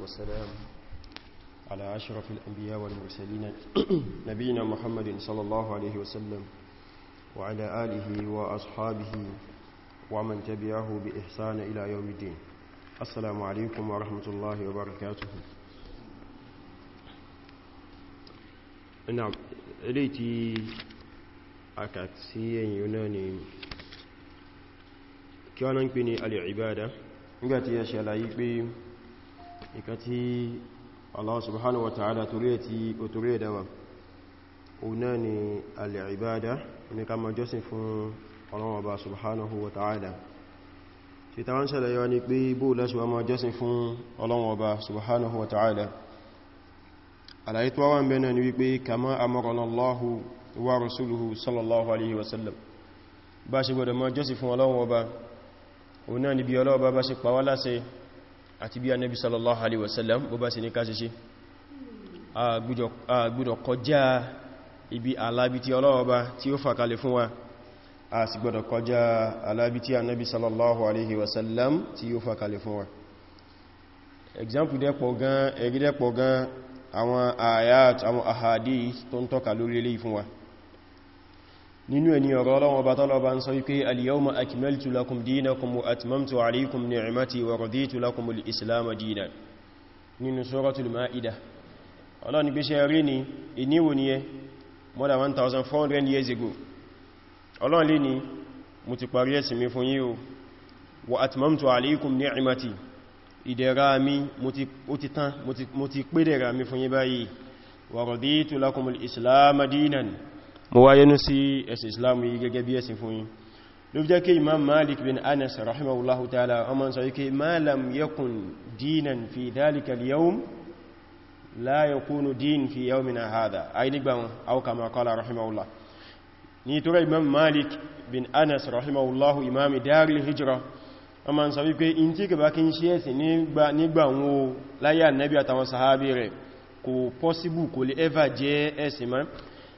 والسلام على أشرف الأنبياء والمرسلين نبينا محمد صلى الله عليه وسلم وعلى آله وأصحابه ومن تبعه بإحسان إلى يوم الدين السلام عليكم ورحمة الله وبركاته نعم إليتي أكاكسيا يوناني كان نكبني العبادة nígbàtí ya ṣàlàyé pé ìkà tí Allah subhanahu wa ta'ala torí ẹ̀ tí ó torí ẹ̀ dáwà ọ̀nà ni al-ibada ní ká máa jọ́sìn fún Ọlọ́run Ọba subhanahu wa ta'ala ṣe ta wọ́n ṣẹlẹ̀ yọ ni pé bó lẹ́ṣùwà máa jọ́sìn fún Ọlọ́run Ọba subhanahu wa ta'ala àlàyé tó wọ́n bẹ̀rẹ̀ ni wípé kama amarana Allahu wa rasuluhu sallallahu alaihi wasallam bá ṣe gbọdọ̀ máa jọ́sìn fún Ọlọ́run ọ̀nà ni bí Ọlọ́run Ọba ṣe pàwọ́ láṣẹ àti bí anábi sallallahu alaihi wasallam bó bá sì ní káṣeṣe a gbọ́dọ̀ kọjá ibi alábi tí ọlọ́ọba tí ó fàkalẹ̀ fún wa a sì gbọ́dọ̀ kọjá alábi tí anábi sallallahu alaihi wasallam tí ó fàkalẹ̀ fún wa example dẹ́pọ̀ gan ẹ̀rí dẹ́pọ̀ gan àwọn ayat àwọn ahadi tó ń tọ́ka lórí eléyìí fún wa nínú ẹni ọ̀rọ̀ ọlọ́wọ́ bá tọ́lọ́bá ń sọ wípé al-yawma akmaltu lakum dinakum wa atmamtu alaykum ni'mati wa raditu lakum al-islam dinan nínú suratul ma'ida ọlọ́wọ́ ni gbéṣẹ́ ni iníwò ni ẹ more than 1400 years ago ọlọ́wọ́ lè ní mo ti parí ẹ̀sìn mi fún yín o wa atmamtu alaykum ni'mati ìdẹ̀ra mi mo ti tán mi fún yín báyìí wa raditu lakum al-islam dinan mo wá yẹnu sí ẹ̀sìn islam yìí gẹ́gẹ́ bí ẹ̀sìn fún yín ló jẹ́ kí imam malik bin anas rahimahullahu ta'ala ọmọ sọ yìí ma lam yakun dinan fi dhalika al-yawm la yakunu din fi yawmina hadha ayi nígbà wọn aw kama qala rahimahullah ni tura imam malik bin anas rahimahullahu imam daril hijra ọmọ sọ wípé in tí gaba kí n ṣe ẹ̀sìn nígbà wọn láyé annabi àtàwọn sahabi rẹ̀ kò possible kò lè ever jẹ́ ẹ̀sìn mọ́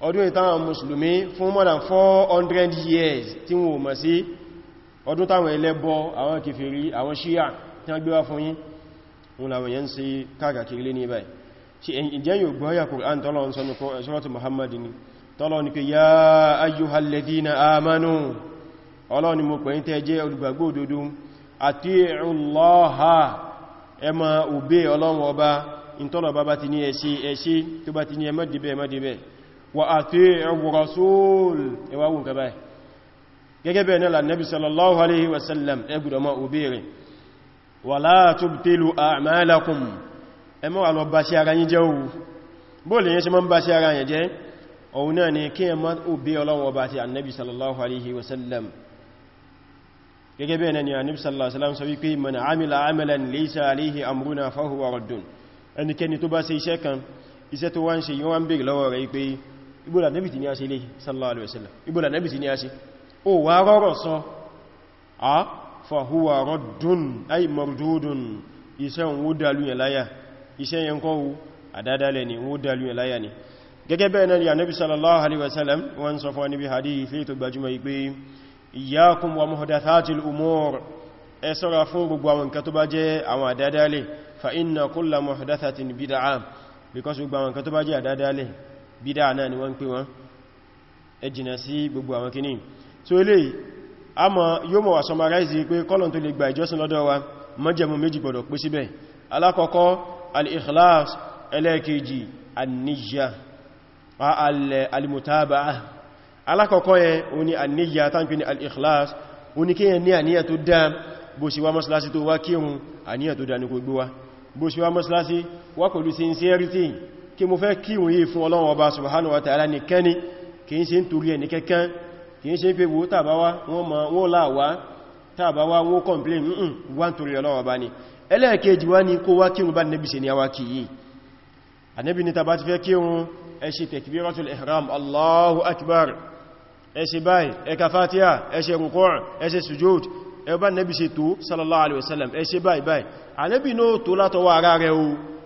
ọdún ìtàwọn mùsùlùmí fún more than 400 years tí wọ́n mọ̀ sí ọdún táwọn ẹlẹ́bọ àwọn kèfèrí àwọn ṣíyà tí wọ́n gbéwá fún yín wọn làwọn yẹn sí káàkiri lé ní ibáyìí ṣe ìjẹ́ yóò gbọ́ ya Qur'an tọ́lọ́run sọ ní Suratu Muhammad ni tọ́lọ́run ya ayyuhal ladhina amanu ọlọ́run ni mo pẹ̀yìn tẹ́ jẹ́ olùgbàgbọ́ òdodo ati'u Allaha ẹ ma òbé ọlọ́run ọba ìtọ́lọ̀ bá bá ti ní ẹ̀ṣí وأطيعوا الرسول إواهو كباه gẹ́gẹ́bẹ̀ ní alànàbí sallallahu alaihi wasallam ẹgbùdọ̀ ma obere wala tubtilu a'malakum ẹmọ́ alọ bá ṣe ara yín jẹ́ ohun bóòlù yẹn ṣe mọ́ bá ṣe ara yẹn jẹ́ ọ̀hun náà ni kí ẹmọ́ iṣẹ́ tó wá ń ṣe yíwá ń bèèrè lọ́wọ́ rẹ̀ pé ibùlà nẹ́bì ti ní a ṣe ilé sallallahu alaihi wasallam ibùlà nẹ́bì ti ní a ṣe o wà rọ́rọ̀ sọ a fàhúwà rọ́dùn ayi mọ̀rùdùn iṣẹ́ wo dalúyẹ̀ láyà iṣẹ́ yẹn kọ́ wo àdádálẹ̀ ni wo dalúyẹ̀ láyà ni gẹ́gẹ́ bẹ́ẹ̀ náà ni anẹ́bì sallallahu alaihi wasallam wọ́n sọ fún níbi hadith tó gbajúmọ̀ yìí pé iyyakum wa muhdathatil umur ẹ ṣọ́ra fún gbogbo àwọn nǹkan tó bá jẹ́ àwọn àdádálẹ̀ fa inna kulla muhdathatin bid'ah because bídá náà ni wọ́n ń pè wọ́n ẹ jìnà sí gbogbo àwọn kìíní so eléyìí a mọ̀ yóò mọ̀ wà summarize pé kọ́lọ̀n tó lè gba ìjọsìn lọ́dọ̀ wa májẹ̀mú méjì gbọdọ̀ pé síbẹ̀ alákọ̀ọ́kọ́ al-ikhlas ẹlẹ́ẹ̀kejì an-niyya al-mutaba'a alákọ̀ọ́kọ́ yẹn ó ní an-niyya tán pè ní al-ikhlas ó ní kéèyàn ní àníyà tó dá bó sì wá mọ́sálásí tó wá kírun àníyà sincerity kí mo fẹ́ kí wọ́n yìí fún ọlọ́run ọba subhanahu wa ta'ala nìkan ni kìí ṣe ń torí ẹni kẹ́kẹ́ kìí ṣe ń pé wo tàbáwá wọ́n láàwá tàbáwá wọ́n kọ̀m̀plé mún wá ń torí ọlọ́run ọba ni ẹlẹ́ẹ̀kejì wá ní kó wá kírun bá nẹ́bì ṣe ni àwa kì yìí anẹ́bì ni tàbá ti fẹ́ kírun ẹ ṣe takbiratul ihram tó sallallahu alaihi wasallam ẹ ṣe báyìí báyìí anẹ́bì náà tó látọwọ́ ara rẹ̀ o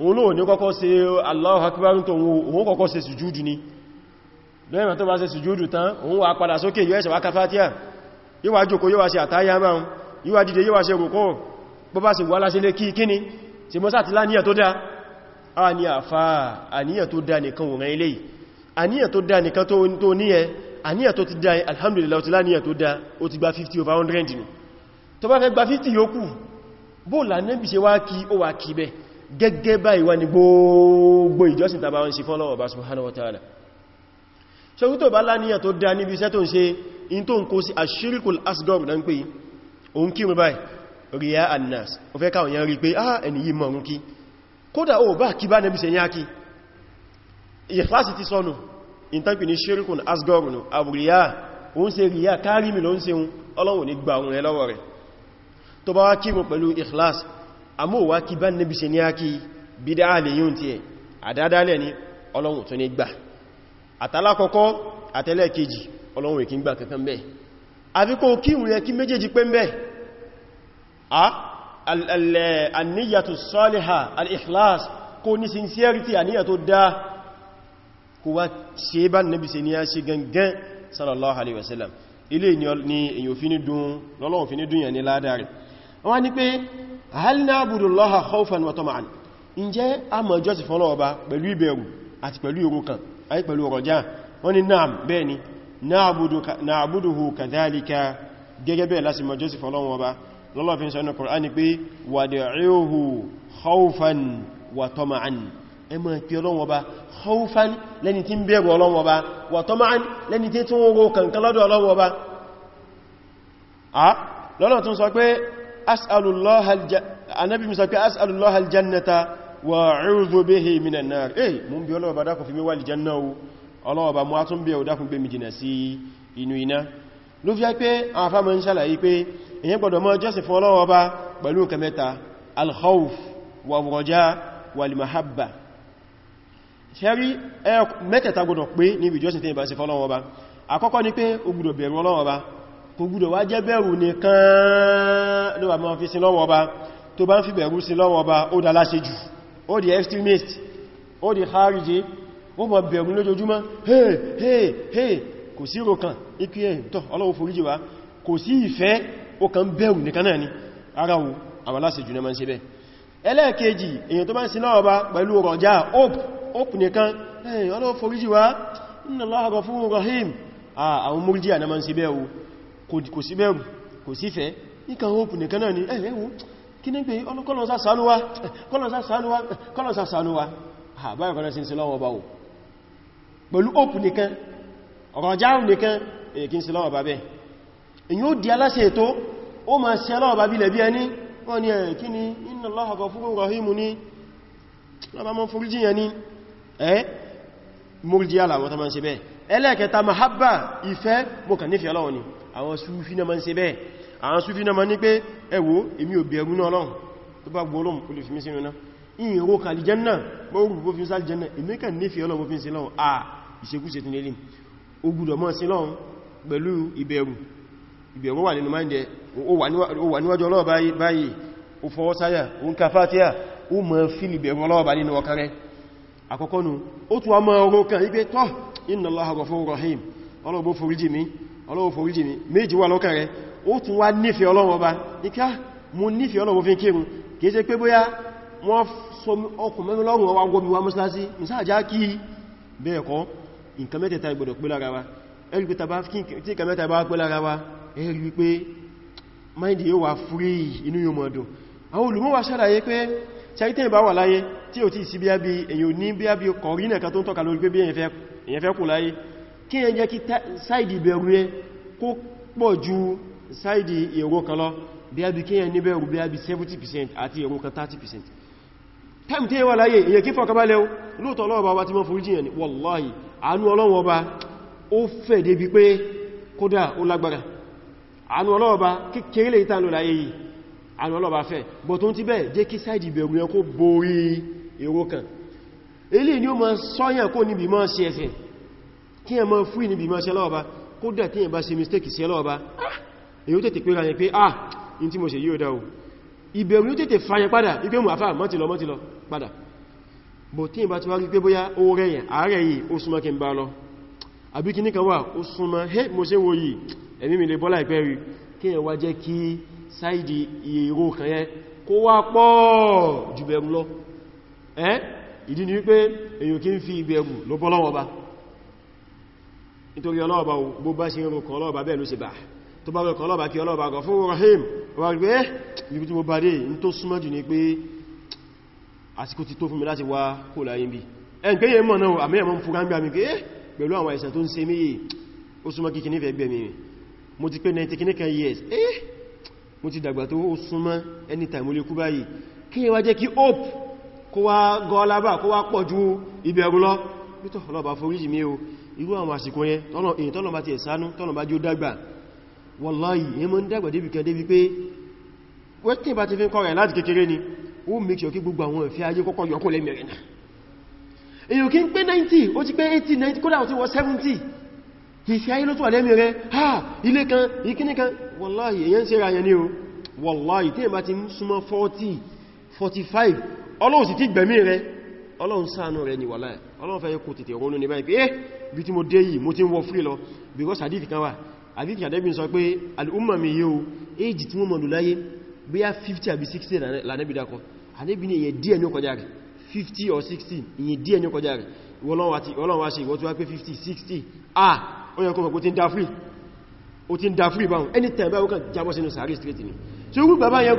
òun lóò ní kọ́kọ́ ṣe Allahu Akbar tó òun kọ́kọ́ ṣe sùjúdù ni lẹ́yìn tó bá ṣe sùjúdù tán òun wà padà sókè yóò ẹ̀ṣẹ̀ wá ká Fátíhà yóò wá jókòó yóò wá ṣe àtáyà máa yóò wá dìde yóò wá ṣe rùkọ́ bó bá ṣe wà alhamdulillah ó ti láníyà tó dá ó ti gba 50 over 100 nù tó bá fẹ́ gba ṣe wá kí ó wà kí bẹ́ẹ̀ gẹ́gẹ́ báyìí wá ní gbogbo ìjọsìn tàbí àwọn ìsìfọ́ lọ́wọ́ bá subhanahu wa ta'ala ṣe wútó bá láníyàn tó dá níbi iṣẹ́ tó ń ṣe in tó ń kó sí ashirikul asgore dán pé òun kí mú báyìí annas o fẹ́ káwọn yán rí pé ah ẹni yí mọ̀rún kí kódà ó bá kí bá níbi ṣe un ọlọ́wọ̀ ní gbà òun rẹ lọ́wọ́ rẹ̀ tó amóòwá kí bá níbi ṣe ní ákí bídá lè yíò tí ẹ̀ àdádálẹ̀ ní ọlọ́run tó ní gbà àtàlákọ́kọ́ àtẹ́lẹ́kejì ọlọ́run èkí gbà kankan bẹ́ẹ̀ àfikò kíhùn yẹ kí méjèèjì pé ń bẹ́ sincerity àníyà tó dá kó wá ṣe bá níbi ní sallallahu alaihi wasallam ilé ni èyàn fi ní dùn lọ́lọ́run fi ní dùn yẹn pé hal na'budu Allaha khawfan wa tama'an ǹjẹ́ a máa jọ́sìn fún Ọlọ́run Ọba pẹ̀lú ìbẹ̀rù àti pẹ̀lú ìrúkàn àti pẹ̀lú ọ̀rọ̀já wọ́n ní na'am bẹ́ẹ̀ ni na'buduhu kadhalika gẹ́gẹ́ bẹ́ẹ̀ láti máa jọ́sìn fún Ọlọ́run Ọba lọ́lọ́ fi ń sọ ní Kùránì pé wad'uhu khawfan wa tama'an ẹ máa pe Ọlọ́run Ọba khawfan lẹ́ni tí ń tún sọ pé anábì musa pé as'alullah aljannata wa a'udhu bihi minan nar eh mú bí ọlọ́wọ́ bá dákùn fi mẹ́wàá aljanna o ọlọ́wọ́ bá mú á tún bí ẹ̀ dákùn gbé mi jìnà sí inú iná ló fi pé àfá mọ́ ń ṣàlàyé pé èyàn gbọ́dọ̀ mọ́ jọ́sìn fún ọlọ́wọ́ bá pẹ̀lú nǹkan mẹ́ta alkhawf wa raja wal mahabba ṣẹ́rí mẹ́tẹ̀ta gbọ́dọ̀ pé níbi jọ́sìn tí ìbá sí fọ́lọ́wọ́ bá àkọ́kọ́ ni pé ó gbọ́dọ̀ bẹ̀rù ọlọ́wọ́ kò gbúdọ̀ wá jẹ́ bẹ̀rù nìkan ló fi sin lọ́wọ́ ọba tó bá ń fi bẹ̀rù lọ́wọ́ extremist ó di khariji ó mọ̀ hey hey hey kò sí rokan ikú ẹ̀yìn tọ́ ọlọ́wọ́ foríjì wá kò sí ìfẹ́ ó kàn bẹ̀rù nìkan náà ni ara wo àwọn láṣe jù náà máa ń ṣe bẹ́ẹ̀ ẹlẹ́ẹ̀kejì èyàn tó bá ń sin lọ́wọ́ ọba pẹ̀lú rọ̀já hope nìkan ọlọ́wọ́ foríjì wá inna Allaha ghafurur rahim kò sí bẹ̀rù kò sí fẹ́ ikan hope nìkan náà ni eh, ẹ̀wọ́ kí ní pé ọlọ́kọ́lọ́sá sàánúwá kọ́lọ́sá sàánúwá àbáyọ̀ kọ́lọ́ sí sílọ́wọ́ bá wò pẹ̀lú hope nìkan ọ̀rọ̀jáhùn nìkan èkí sílọ́wọ́ bá bẹ́ èyí ó di aláṣẹ ètò ó ma ṣe aláwọ̀ bá bílẹ̀ bí ẹni wọ́n ni ẹ̀ kí ni inna Allaha ghafurur rahim ni ni ẹ́ eh, múrújíyà làwọn tó ma ń ṣe bẹ́ẹ̀ ẹlẹ́ẹ̀kẹta mahabba ìfẹ́ mo kàn nífẹ̀ẹ́ Ọlọ́run ni àwọn súfí náà ma ń ṣe bẹ́ẹ̀ àwọn súfí náà ma ní pé ẹwò èmi ò bẹ̀rù náà Ọlọ́run tó bá gbọ́ọ̀lọ́m olùfimí sínú náà ìyìn owó kàlìjẹ́nà mọ́rù bó fi ń sáàlì jẹ́nà èmi kàn nífẹ̀ẹ́ Ọlọ́run bó fi ń ṣe lọ́run à ìṣekúṣe tún lélẹ̀ ó gbọ́dọ̀ mọ́ sí lọ́run pẹ̀lú ìbẹ̀rù àkọ́kọ́ nù ó tún wá mọ́ ọrọ̀ kan ipé tọ́ inna Allaha ghafurur rahim ọlọ́wọ́ foríjì mi ọlọ́wọ́ foríjì mi méjì wà lọ́kàn rẹ̀ ó tún wá nífẹ̀ẹ́ ọlọ́wọ́ bá níkà mú nífẹ̀ẹ́ ọlọ́wọ́ fi kírun kìí ṣe pé bóyá wọ́n sọ ọkùn mẹ́rin lọ́rùn ọwá gọmi wa ẹ̀rí pé bá wa wà wa láyé tí ò tí sí bí i èyàn ní bí i kọ̀rí nẹ̀ka tó ń tọ́ka lórí pé bí èyàn fẹ́ èyàn fẹ́ kú láyé kí yẹn jẹ́ kí sáìdì bẹ̀rù yẹ kó pọ̀ ju sáìdì èrò kan lọ bí i kí yẹn ní bẹ̀rù bí i 70% àti èrò kan 30% time tí yẹ wà láyé èyàn kí fọ̀kabalẹ̀ o lóòtọ́ ọlọ́wọ́ bá ti mọ́ forí jìyàn ni wallahi àánú ọlọ́wọ́ bá ó fẹ̀ débi pé kódà ó lágbára àánú ọlọ́wọ́ bá kékeré lè tàn lò láyé yìí àánú ọlọ́wọ́ èrò kan ilé ni ó ma sọ́yàn kó níbi mọ́ sí ẹsẹ̀ kí ẹ mọ́ fún níbi mọ́ sí ẹlọ́ọ̀bá kó dà tí ẹ bá mistake sí ẹlọ́ọ̀bá èyí tètè pé ra pé ah in tí mo ṣe yíò dá o ìbẹ̀rù ní ó tètè fàyẹ padà ipé mọ̀ àfà mọ́tìlọ mọ́tìlọ padà bò tí ìbá ti wá rí pé bóyá ó rẹ̀ yẹn ààrẹ yìí ó súnmọ́ kí n bá lọ àbí kí níkan ìdí ni wípé èyàn kí ń fi ìbẹ̀rù ló bọ́ lọ́wọ́ bá nítorí ọlọ́ọ̀bá bó bá ṣe ń rọkọ̀ ọlọ́ọ̀bá bẹ́ẹ̀ ló ṣe bá tó bá rọkọ̀ ọlọ́ọ̀bá kí ọlọ́ọ̀bá Ghafurur Rahim wà rí eh, mo bá dé ní tó súnmọ́ jù ní pé àsìkò ti tó fún mi láti wá kó láyé bí ẹn eh, eh, anytime mo lè kú báyìí kí wá jẹ́ kí hope kó wá gọ́ọ̀lábà kó wá pọ̀ ju ìbẹ̀rù lọ pítọ̀ ọlọ́bà foríjì mi o irú àwọn àsìkò yẹn èyí ti ẹ̀sánú tọ́lọ̀ jí ó dàgbà wallahi yẹn mọ́ ń dàgbà débi kan débi pé wẹ́tí bá ti fi ń kọ́ láti kékeré ni ó make sure kí gbogbo àwọn ìfẹ́ ayé kọ́kọ́ yọkún lẹ́mẹ̀rẹ̀ náà èyí kí ń pé 90 ó ti pé 80 90 kódà ha ilé kan wallahi èyàn ra yẹn wallahi tí ẹ bá ti súnmọ́ 40 45 ọlọ́run sì ti gbẹ̀mí rẹ ọlọ́run ṣàánú rẹ ni wàláhì ọlọ́run fẹ́ kó tètè ronú ní báyìí pé eh bí tí mo dé yìí mo ti ń wọ free lọ because hadith kan wà hadith àdẹ́bí sọ pé al'umma mi yíò èjì tí mo mọ̀ lùláyé bí á 50 àbí 60 lànẹ́bí dákọ àdẹ́bí or 60 èyẹ díẹ̀ ní ọkọjá rẹ̀ ọlọ́run wá ṣe ìwọ́ tí wá ah ó yẹ kọ́ ti ń da anytime báhùn kan jábọ́ sínú sàárì straight ni tí ó gbogbo bàbá yẹn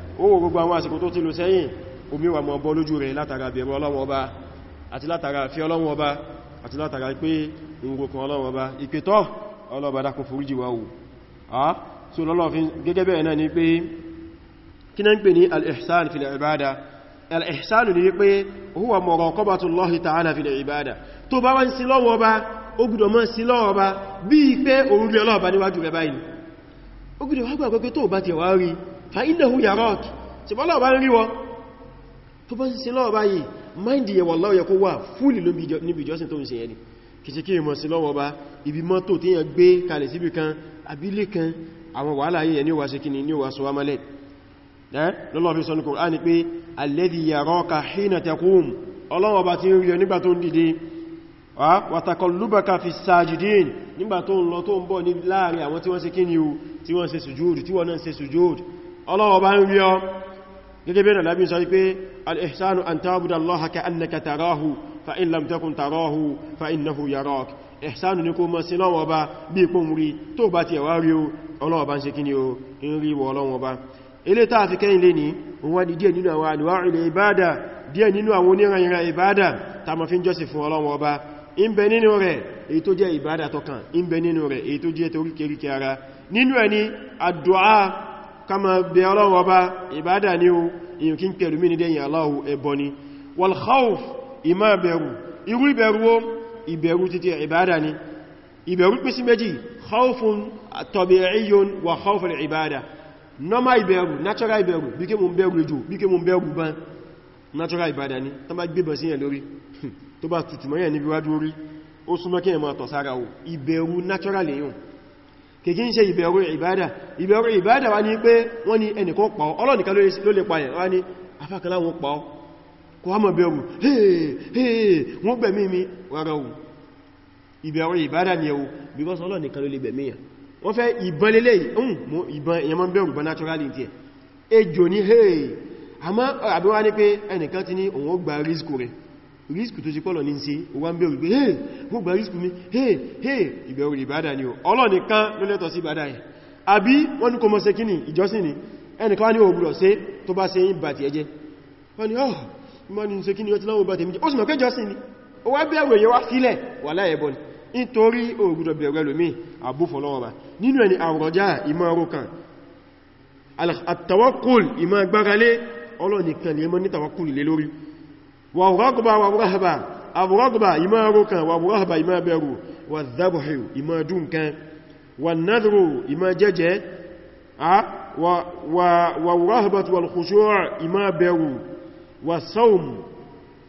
ó gbogbo àwọn àsìkò tó ti lò sẹ́yìn omi wà mọ́ bọ́ lójú rẹ̀ látara bẹ̀rọ Ọlọ́run ọba àti látara fi Ọlọ́run ọba àti látara pé ìwòkan Ọlọ́run ọba ìpètọ́ ọlọ́ba dákun bá ó gbọ́dọ̀ wá gbàgbọ́ tó bá ti wá rí fa innahu yarak ṣe bọ́lọ̀ bá ń rí wọ tó bá sí lọ́wọ́ báyìí máìndì yẹ wọ́lọ́ yẹ kó wà fúlì níbi ìjọsìn tó ń ṣe ẹni kìtíkì mọ̀ sí lọ́wọ́ bá ibi mọ́tò tí yẹn gbé kalẹ̀ síbi kan abílé kan àwọn wàhálà yìí ni ó wá ṣe kíni ni ó wá sọ wá mọ́lẹ̀ lọ́lọ́ fi sọ ní Kùránì pé alladhi yaraka hina taqum ti wọ́n ṣe kíni tí wọ́n náà ṣe sùjúdù ọlọ́wọ́ bá ń rí ọ gẹ́gẹ́ bẹ́rẹ̀ lábí sọ wípé al'ihsanu an ta'budu allaha ka annaka tarahu fa in lam takun tarahu fa innahu yarak ihsanu ni kó mọ́ sí lọ́wọ́ bá bí kó ń rí tó bá ti ẹ̀wà rí ọlọ́wọ́ bá ń ṣe kí ni o in rí wọ ọlọ́wọ́ bá ilé tàà fi kẹ́yìn lé ní wọ́n di díẹ̀ nínú àwọn àlúwà ìbádà díẹ̀ nínú àwọn onírànyìnrà ìbádà ta ma fi ń jọ́sìn fún ọlọ́wọ́ bá in bẹ nínú rẹ̀ èyí tó jẹ́ ìbádà tọkàn in bẹ nínú rẹ̀ èyí tó jẹ́ toríkèríkè ara nínú ẹni àdúà kama bí ọlọ́run ọba ìbádà ní o èyàn kí ń pẹ̀lú mí ní dẹ́yìn aláhù ẹbọ ni wal khawf ìmá bẹ̀rù irú ìbẹ̀rù o ìbẹ̀rù títí ìbádà ni ìbẹ̀rù pín sí méjì khawfun tabi'iyyun wa khawful ìbádà normal ìbẹ̀rù natural ìbẹ̀rù bí kí mo ń bẹ̀rù ejò bí kí mo ń bẹ̀rù ban natural ìbádà ni tó bá gbébọn sí yẹn lórí tó bá tutù mọ́yàn níbi wájú orí ó súnmọ́ kí yẹn máa tọ̀ o ìbẹ̀rù natural èyàn kìí ṣe ìbẹ̀rù ìbádà ìbẹ̀rù ìbádà wá ní pé wọ́n ni ẹnìkan pa ọlọ́nìkan ló lè pààyàn wá ní afẹ́kẹ́lá wọn pa ọ́ kò wá mọ̀ bẹ̀rù wọ́n gbẹ̀mí mi rárá o ìbẹ̀rù ni ẹ̀wò because ọlọ́nìkan ló lè gbẹ̀mí yàn wọ́n fẹ́ ìbọn lélẹ̀ ìbọn èyàn mọ́ bẹ̀rù bọ́ naturally tiẹ̀ ejò ní hey rísìkì tó sí pọ́lọ̀ ní sí wà ń bẹ̀rù pé hey mo gba rísìkì mi hey hey ìbẹ̀rù ìbádà ni o Ọlọ́run nìkan ló lẹ́tọ̀ sí ìbádà yìí àbí wọ́n ní kò mọ́ ṣe kíní ìjọsìn ni ẹnìkan wá ní òwúrọ̀ sí tó bá ṣe ń ẹjẹ́ oh ma ní ṣe kíní ọtí láwọn bà ti ẹjẹ́ ó sì mọ̀ pé jọsìn ni ó wá bẹ̀rù ni nítorí ògùdọ̀ bẹ̀rù ẹlòmí àbúfọlọ́wọ́ba nínú ẹni àwọ̀rọ̀já ìmọ̀ ọrọ̀ kan àtàwọ́kùl ìmọ̀ agbáralé wàbúrọ́gbà wàbúrọ́gbà àbúrọ́gbà ìmọ̀ ẹrùkan wàbúrọ́gbà ìmọ̀ ẹbẹ̀rù wàzábùhù ìmọ̀ dúnkan wà náàdùrù ìmọ̀ jẹ́jẹ́ wàwúrọ́gbàtù wàlùkùsùwà ìmọ̀ ẹbẹ̀rù wà sọ́ùm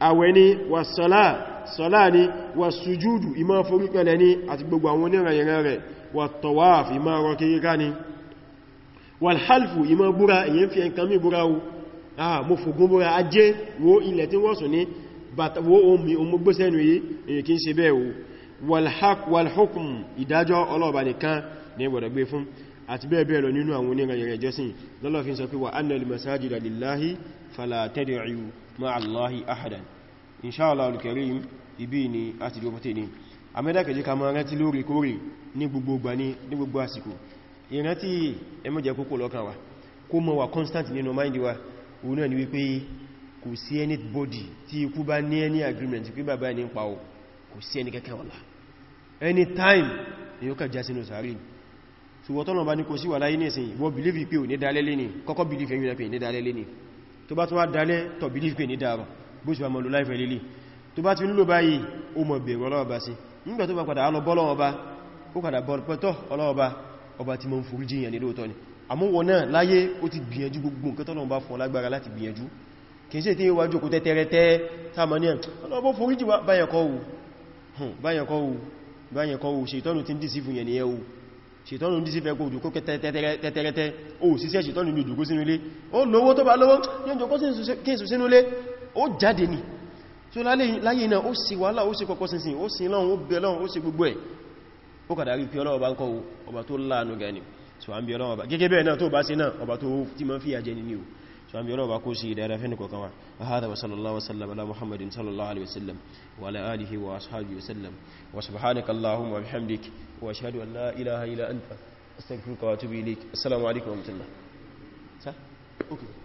àwẹni wà sọ́lá sọ́lá ni wà sùjúdù ìmọ̀ foríkẹlẹ̀ ni àti gbogbo àwọn onírànyẹrẹ rẹ̀ wà tọ̀wáàf ìmọ̀ ọrọ̀ kiri ah mo fògún bóra ajé wo ilẹ̀ tí wọ́n sùn ní wo omi o mo gbé èyí kí ń ṣe bẹ́ẹ̀ o walhukum ìdájọ́ ọlọ́ọ̀bà nìkan ní ìwọ̀dọ̀ gbé fún àti bẹ́ẹ̀ bẹ́ẹ̀ lọ nínú àwọn onírẹ̀rẹ̀ jẹ́sìn lọ́lọ́fin wa annal masajida lillahi fala tad'u ma'a Allahi ahadan insha Allah al-karim ibi ni a ti dókòtè ni amẹ́dàkẹ̀jẹ́ ka máa rántí lórí kórè ní gbogbo gbà ní gbogbo wa kó mọ́ wa constant nínú mind wa òun náà ni wípé kò sí ẹni bọ́dì tí ikú bá ní ẹni agreement pé bàbá ẹni ń pa ò kò sí ẹni kẹ́kẹ́ ọ̀la anytime ni ó kàjá sínú sàárì ṣùgbọ́n tọ́nà bá ní kò sí wà láyé nìsìn wọ́n believe pé ò ní dalẹ́ lẹ́ni kọ́kọ́ believe believe pé ní dàrọ̀ bó ṣe wà mọ̀lú láìfẹ́ lélẹ̀ tó bá ti nílò báyìí ó mọ̀ bẹ̀rọ ọlọ́wọ́ bá sí nígbà tó bá padà á àmúwọ̀ náà láyé ó ti gbìyànjú gbogbo nǹkan tọ́lọ̀ bá fún lágbára láti gbìyànjú kì í ṣe tí wájú kò tẹ́tẹ́rẹtẹ́ tamanian ọlọ́bọ̀ foríjì báyẹ̀kọ́ wù ṣètọ́nù tí ń dìsí fún yẹn yẹ́ wù ṣètọ́nù ń dìsí fẹ́ kó òjòkó tẹ́tẹ́rẹtẹ́ ó síṣẹ́ ṣètọ́nù ní òjòkó sínú ilé ó lówó tó bá lówó yóò jòkó kíǹsù sínú ilé ó jáde ni tí ó láyé náà ó sì wàhálà ó sì kọ́kọ́ sínsìn ó sì lọ́run ó bẹ lọ́run ó sì gbogbo ẹ̀ ó kàdàrí pí ọlọ́ọ̀bá ń kọ́ ọba tó láàánú gani so an bi Ọlọ́run ọba gẹ́gẹ́ bẹ́ẹ̀ náà tó bá ṣe náà ọba tó tí ma ń fìyà jẹ ni o so an bi Ọlọ́run ọba kó sí ìdára fẹ́ni kọ̀kan wa okay